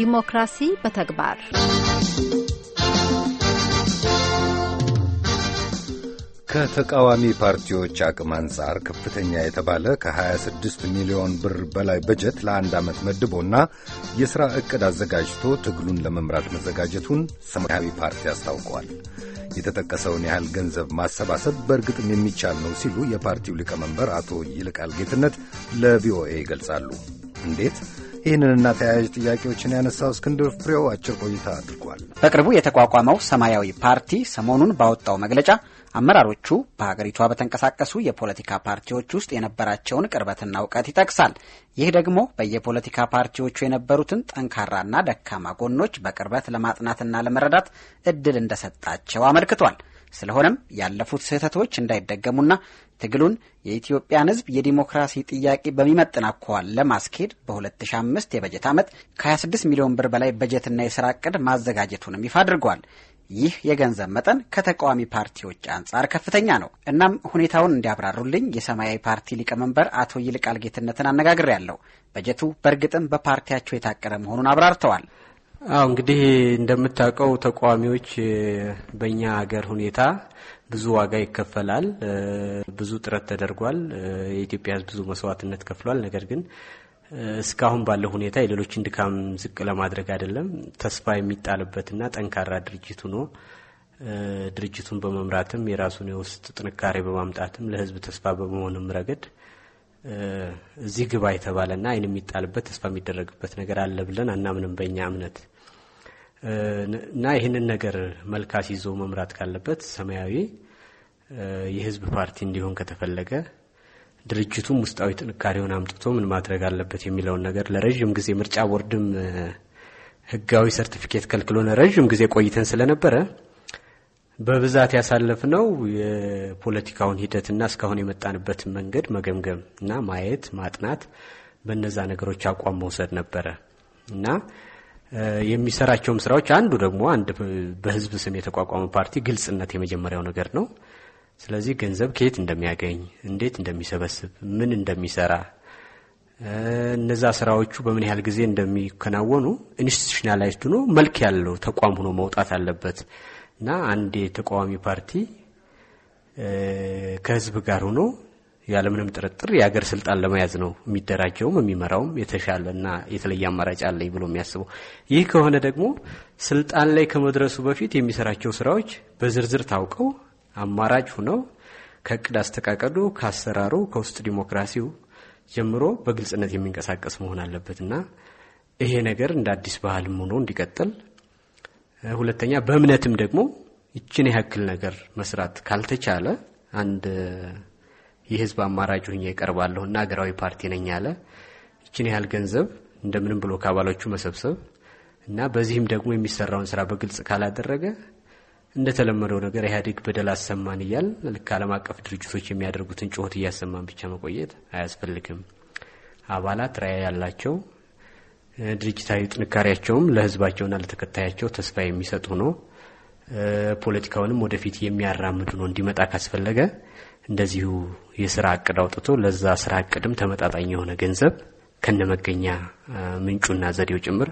ዲሞክራሲ በተግባር ከተቃዋሚ ፓርቲዎች አቅም አንጻር ከፍተኛ የተባለ ከ26 ሚሊዮን ብር በላይ በጀት ለአንድ ዓመት መድቦና የሥራ ዕቅድ አዘጋጅቶ ትግሉን ለመምራት መዘጋጀቱን ሰማያዊ ፓርቲ አስታውቀዋል። የተጠቀሰውን ያህል ገንዘብ ማሰባሰብ በእርግጥም የሚቻል ነው ሲሉ የፓርቲው ሊቀመንበር አቶ ይልቃል ጌትነት ለቪኦኤ ይገልጻሉ። እንዴት? ይህንንና ተያያዥ ጥያቄዎችን ያነሳው እስክንድር ፍሬው አጭር ቆይታ አድርጓል። በቅርቡ የተቋቋመው ሰማያዊ ፓርቲ ሰሞኑን ባወጣው መግለጫ አመራሮቹ በሀገሪቷ በተንቀሳቀሱ የፖለቲካ ፓርቲዎች ውስጥ የነበራቸውን ቅርበትና እውቀት ይጠቅሳል። ይህ ደግሞ በየፖለቲካ ፓርቲዎቹ የነበሩትን ጠንካራና ደካማ ጎኖች በቅርበት ለማጥናትና ለመረዳት እድል እንደሰጣቸው አመልክቷል። ስለሆነም ያለፉት ስህተቶች እንዳይደገሙና ትግሉን የኢትዮጵያን ሕዝብ የዲሞክራሲ ጥያቄ በሚመጥን አኳኋን ለማስኬድ በ2005 የበጀት ዓመት ከ26 ሚሊዮን ብር በላይ በጀትና የሥራ ዕቅድ ማዘጋጀቱንም ይፋ አድርጓል። ይህ የገንዘብ መጠን ከተቃዋሚ ፓርቲዎች አንጻር ከፍተኛ ነው። እናም ሁኔታውን እንዲያብራሩልኝ የሰማያዊ ፓርቲ ሊቀመንበር አቶ ይልቃል ጌትነትን አነጋግሬያለሁ። በጀቱ በእርግጥም በፓርቲያቸው የታቀደ መሆኑን አብራርተዋል። አዎ እንግዲህ እንደምታውቀው ተቃዋሚዎች በእኛ ሀገር ሁኔታ ብዙ ዋጋ ይከፈላል። ብዙ ጥረት ተደርጓል። የኢትዮጵያ ሕዝብ ብዙ መስዋዕትነት ከፍሏል። ነገር ግን እስካሁን ባለው ሁኔታ የሌሎችን ድካም ዝቅ ለማድረግ አይደለም፣ ተስፋ የሚጣልበትና ጠንካራ ድርጅት ሆኖ ድርጅቱን በመምራትም የራሱን የውስጥ ጥንካሬ በማምጣትም ለሕዝብ ተስፋ በመሆንም ረገድ እዚህ ግባ የተባለና አይን የሚጣልበት ተስፋ የሚደረግበት ነገር አለ ብለን አናምንም በእኛ እምነት እና ይህንን ነገር መልካስ ይዞ መምራት ካለበት ሰማያዊ የህዝብ ፓርቲ እንዲሆን ከተፈለገ ድርጅቱም ውስጣዊ ጥንካሬውን አምጥቶ ምን ማድረግ አለበት የሚለውን ነገር ለረዥም ጊዜ ምርጫ ቦርድም ህጋዊ ሰርቲፊኬት ከልክሎን ረዥም ጊዜ ቆይተን ስለነበረ በብዛት ያሳለፍነው የፖለቲካውን ሂደትና እስካሁን የመጣንበትን መንገድ መገምገም እና ማየት ማጥናት፣ በእነዛ ነገሮች አቋም መውሰድ ነበረ እና የሚሰራቸውም ስራዎች አንዱ ደግሞ አንድ በህዝብ ስም የተቋቋመ ፓርቲ ግልጽነት የመጀመሪያው ነገር ነው። ስለዚህ ገንዘብ ከየት እንደሚያገኝ፣ እንዴት እንደሚሰበስብ፣ ምን እንደሚሰራ እነዛ ስራዎቹ በምን ያህል ጊዜ እንደሚከናወኑ ኢንስቲቱሽናላይዝድ ሆኖ መልክ ያለው ተቋም ሆኖ መውጣት አለበት። እና አንድ የተቃዋሚ ፓርቲ ከህዝብ ጋር ሆኖ ያለምንም ጥርጥር የሀገር ስልጣን ለመያዝ ነው የሚደራጀውም የሚመራውም የተሻለ እና የተለየ አማራጭ አለኝ ብሎ የሚያስበው። ይህ ከሆነ ደግሞ ስልጣን ላይ ከመድረሱ በፊት የሚሰራቸው ስራዎች በዝርዝር ታውቀው አማራጭ ሁነው ከእቅድ አስተቃቀዱ፣ ከአሰራሩ፣ ከውስጥ ዲሞክራሲው ጀምሮ በግልጽነት የሚንቀሳቀስ መሆን አለበትና ይሄ ነገር እንደ አዲስ ባህልም ሆኖ እንዲቀጥል ሁለተኛ በእምነትም ደግሞ ይችን ያክል ነገር መስራት ካልተቻለ አንድ የህዝብ አማራጭ ሁኜ እቀርባለሁ እና ሀገራዊ ፓርቲ ነኝ ያለ ይችን ያህል ገንዘብ እንደምንም ብሎ ከአባሎቹ መሰብሰብ እና በዚህም ደግሞ የሚሰራውን ስራ በግልጽ ካላደረገ እንደተለመደው ነገር ኢህአዴግ በደል አሰማን እያል ልክ ዓለም አቀፍ ድርጅቶች የሚያደርጉትን ጩኸት እያሰማን ብቻ መቆየት አያስፈልግም። አባላት ራዕይ ያላቸው ድርጅታዊ ጥንካሬያቸውም ለህዝባቸውና ለተከታያቸው ተስፋ የሚሰጡ ነው። ፖለቲካውንም ወደፊት የሚያራምዱ ነው። እንዲመጣ ካስፈለገ እንደዚሁ የስራ እቅድ አውጥቶ ለዛ ስራ እቅድም ተመጣጣኝ የሆነ ገንዘብ ከነመገኛ ምንጩና ዘዴው ጭምር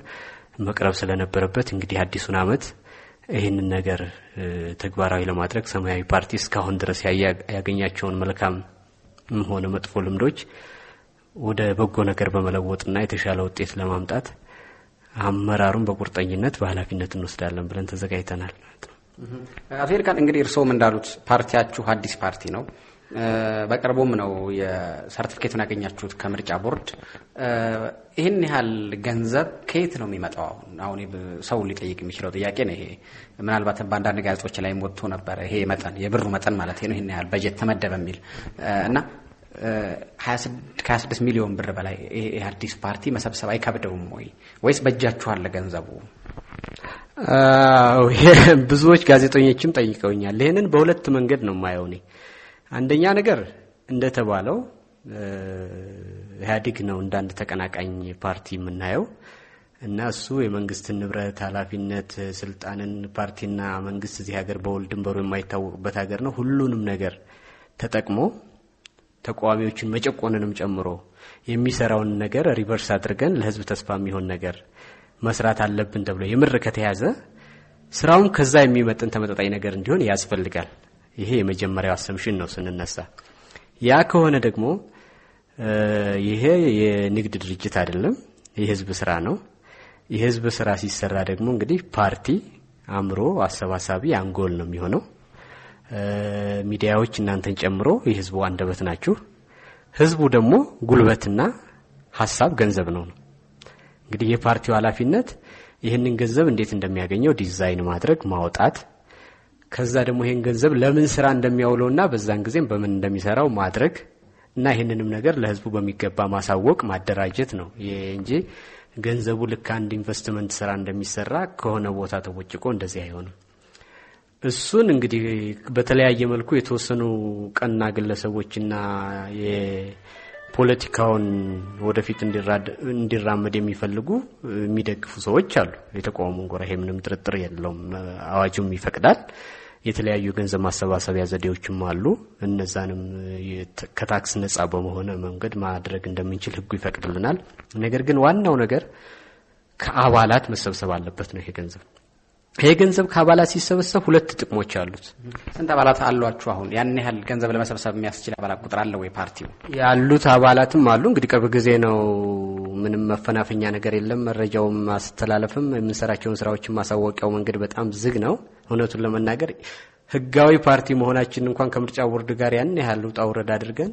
መቅረብ ስለነበረበት እንግዲህ አዲሱን ዓመት ይህንን ነገር ተግባራዊ ለማድረግ ሰማያዊ ፓርቲ እስካሁን ድረስ ያገኛቸውን መልካም ሆነ መጥፎ ልምዶች ወደ በጎ ነገር በመለወጥና የተሻለ ውጤት ለማምጣት አመራሩን በቁርጠኝነት በኃላፊነት እንወስዳለን ብለን ተዘጋጅተናል። አቶ ይልቃል እንግዲህ እርስዎም እንዳሉት ፓርቲያችሁ አዲስ ፓርቲ ነው። በቅርቡም ነው የሰርቲፊኬቱን ያገኛችሁት ከምርጫ ቦርድ። ይህን ያህል ገንዘብ ከየት ነው የሚመጣው? አሁን አሁን ሰው ሊጠይቅ የሚችለው ጥያቄ ነው ይሄ። ምናልባት በአንዳንድ ጋዜጦች ላይም ወጥቶ ነበረ ይሄ መጠን የብሩ መጠን ማለት ነው ይህን ያህል በጀት ተመደበ የሚል እና ከ ሚሊዮን ብር በላይ አዲስ ፓርቲ መሰብሰብ አይከብደውም ወይ ወይስ በእጃችኋል ገንዘቡ? ብዙዎች ጋዜጠኞችም ጠይቀውኛል። ይህንን በሁለት መንገድ ነው የማየው እኔ። አንደኛ ነገር እንደተባለው ኢህአዴግ ነው እንደ አንድ ተቀናቃኝ ፓርቲ የምናየው እና እሱ የመንግስትን ንብረት ኃላፊነት ስልጣንን ፓርቲና መንግስት እዚህ ሀገር በወል ድንበሩ የማይታወቅበት ሀገር ነው። ሁሉንም ነገር ተጠቅሞ ተቃዋሚዎችን መጨቆንንም ጨምሮ የሚሰራውን ነገር ሪቨርስ አድርገን ለህዝብ ተስፋ የሚሆን ነገር መስራት አለብን ተብሎ የምር ከተያዘ ስራውም ከዛ የሚመጥን ተመጣጣኝ ነገር እንዲሆን ያስፈልጋል። ይሄ የመጀመሪያው አሰምሽን ነው ስንነሳ። ያ ከሆነ ደግሞ ይሄ የንግድ ድርጅት አይደለም፣ የህዝብ ስራ ነው። የህዝብ ስራ ሲሰራ ደግሞ እንግዲህ ፓርቲ አእምሮ አሰባሳቢ አንጎል ነው የሚሆነው። ሚዲያዎች እናንተን ጨምሮ የህዝቡ አንደበት ናችሁ። ህዝቡ ደግሞ ጉልበትና ሀሳብ ገንዘብ ነው ነው እንግዲህ የፓርቲው ኃላፊነት ይህንን ገንዘብ እንዴት እንደሚያገኘው ዲዛይን ማድረግ ማውጣት፣ ከዛ ደግሞ ይህን ገንዘብ ለምን ስራ እንደሚያውለውና በዛን ጊዜም በምን እንደሚሰራው ማድረግ እና ይህንንም ነገር ለህዝቡ በሚገባ ማሳወቅ ማደራጀት ነው እንጂ ገንዘቡ ልክ አንድ ኢንቨስትመንት ስራ እንደሚሰራ ከሆነ ቦታ ተቦጭቆ እንደዚህ አይሆንም። እሱን እንግዲህ በተለያየ መልኩ የተወሰኑ ቀና ግለሰቦችና የፖለቲካውን ወደፊት እንዲራመድ የሚፈልጉ የሚደግፉ ሰዎች አሉ። የተቃውሞ ጎራ ምንም ጥርጥር የለውም። አዋጁም ይፈቅዳል። የተለያዩ የገንዘብ ማሰባሰቢያ ዘዴዎችም አሉ። እነዛንም ከታክስ ነጻ በመሆነ መንገድ ማድረግ እንደምንችል ህጉ ይፈቅድልናል። ነገር ግን ዋናው ነገር ከአባላት መሰብሰብ አለበት ነው ይሄ ገንዘብ ይሄ ገንዘብ ከአባላት ሲሰበሰብ ሁለት ጥቅሞች አሉት። ስንት አባላት አሏችሁ? አሁን ያን ያህል ገንዘብ ለመሰብሰብ የሚያስችል አባላት ቁጥር አለ ወይ? ፓርቲው ያሉት አባላትም አሉ። እንግዲህ ቅርብ ጊዜ ነው። ምንም መፈናፈኛ ነገር የለም። መረጃውም ማስተላለፍም የምንሰራቸውን ስራዎችን ማሳወቂያው መንገድ በጣም ዝግ ነው። እውነቱን ለመናገር ህጋዊ ፓርቲ መሆናችን እንኳን ከምርጫ ቦርድ ጋር ያን ያህል ውጣ ውረድ አድርገን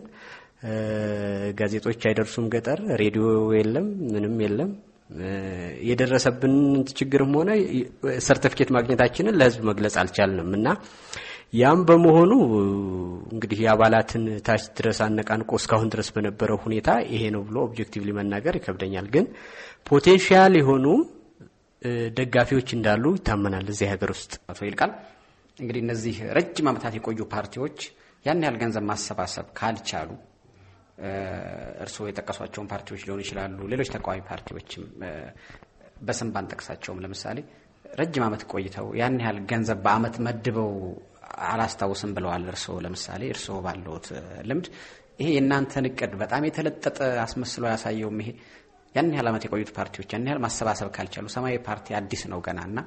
ጋዜጦች አይደርሱም ገጠር፣ ሬዲዮ የለም፣ ምንም የለም። የደረሰብን ችግርም ሆነ ሰርተፊኬት ማግኘታችንን ለህዝብ መግለጽ አልቻልንም እና ያም በመሆኑ እንግዲህ የአባላትን ታች ድረስ አነቃንቆ እስካሁን ድረስ በነበረው ሁኔታ ይሄ ነው ብሎ ኦብጀክቲቭሊ መናገር ይከብደኛል። ግን ፖቴንሻል የሆኑ ደጋፊዎች እንዳሉ ይታመናል እዚህ ሀገር ውስጥ። አቶ ይልቃል እንግዲህ እነዚህ ረጅም ዓመታት የቆዩ ፓርቲዎች ያን ያህል ገንዘብ ማሰባሰብ ካልቻሉ እርስዎ የጠቀሷቸውን ፓርቲዎች ሊሆኑ ይችላሉ፣ ሌሎች ተቃዋሚ ፓርቲዎችም በስም ባንጠቅሳቸውም ለምሳሌ ረጅም ዓመት ቆይተው ያን ያህል ገንዘብ በዓመት መድበው አላስታውስም ብለዋል። እርስዎ ለምሳሌ እርስዎ ባለዎት ልምድ ይሄ የእናንተን እቅድ በጣም የተለጠጠ አስመስሎ ያሳየውም ይሄ ያን ያህል ዓመት የቆዩት ፓርቲዎች ያን ያህል ማሰባሰብ ካልቻሉ ሰማያዊ ፓርቲ አዲስ ነው ገና እና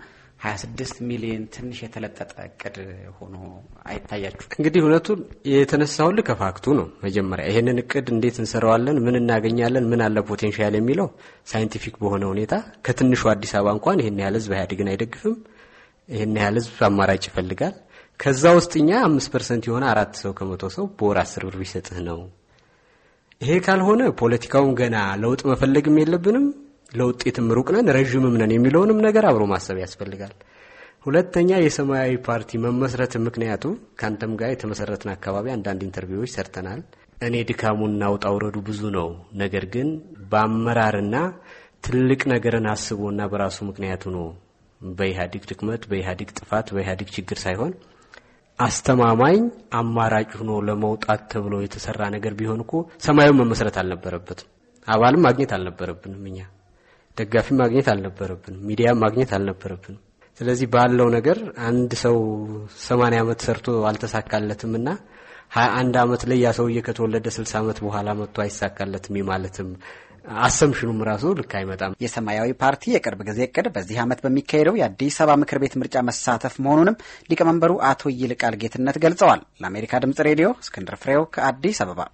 26 ሚሊዮን ትንሽ የተለጠጠ እቅድ ሆኖ አይታያችሁ? እንግዲህ እውነቱን ልክ ከፋክቱ ነው። መጀመሪያ ይህንን እቅድ እንዴት እንሰራዋለን፣ ምን እናገኛለን፣ ምን አለ ፖቴንሻል የሚለው ሳይንቲፊክ በሆነ ሁኔታ ከትንሹ አዲስ አበባ እንኳን ይህን ያህል ህዝብ ኢህአዴግን አይደግፍም። ይህን ያህል ህዝብ አማራጭ ይፈልጋል። ከዛ ውስጥ እኛ አምስት ፐርሰንት የሆነ አራት ሰው ከመቶ ሰው በወር አስር ብር ቢሰጥህ ነው። ይሄ ካልሆነ ፖለቲካውም ገና ለውጥ መፈለግም የለብንም ለውጤትም ሩቅ ነን ረዥምም ነን የሚለውንም ነገር አብሮ ማሰብ ያስፈልጋል። ሁለተኛ የሰማያዊ ፓርቲ መመስረት ምክንያቱ ከአንተም ጋር የተመሰረትን አካባቢ አንዳንድ ኢንተርቪዎች ሰርተናል። እኔ ድካሙና ውጣ ውረዱ ብዙ ነው። ነገር ግን በአመራርና ትልቅ ነገርን አስቦና በራሱ ምክንያቱ ነው። በኢህአዴግ ድክመት፣ በኢህአዴግ ጥፋት፣ በኢህአዴግ ችግር ሳይሆን አስተማማኝ አማራጭ ሆኖ ለመውጣት ተብሎ የተሰራ ነገር ቢሆን እኮ ሰማያዊ መመስረት አልነበረበትም። አባልም ማግኘት አልነበረብንም እኛ ደጋፊ ማግኘት አልነበረብንም፣ ሚዲያ ማግኘት አልነበረብንም። ስለዚህ ባለው ነገር አንድ ሰው ሰማንያ ዓመት ሰርቶ አልተሳካለትም እና ሀያ አንድ ዓመት ላይ ያ ሰውዬ ከተወለደ ስልሳ ዓመት በኋላ መጥቶ አይሳካለትም ማለትም አሰምሽኑም ራሱ ልክ አይመጣም። የሰማያዊ ፓርቲ የቅርብ ጊዜ እቅድ በዚህ ዓመት በሚካሄደው የአዲስ አበባ ምክር ቤት ምርጫ መሳተፍ መሆኑንም ሊቀመንበሩ አቶ ይልቃል ጌትነት ገልጸዋል። ለአሜሪካ ድምጽ ሬዲዮ እስክንድር ፍሬው ከአዲስ አበባ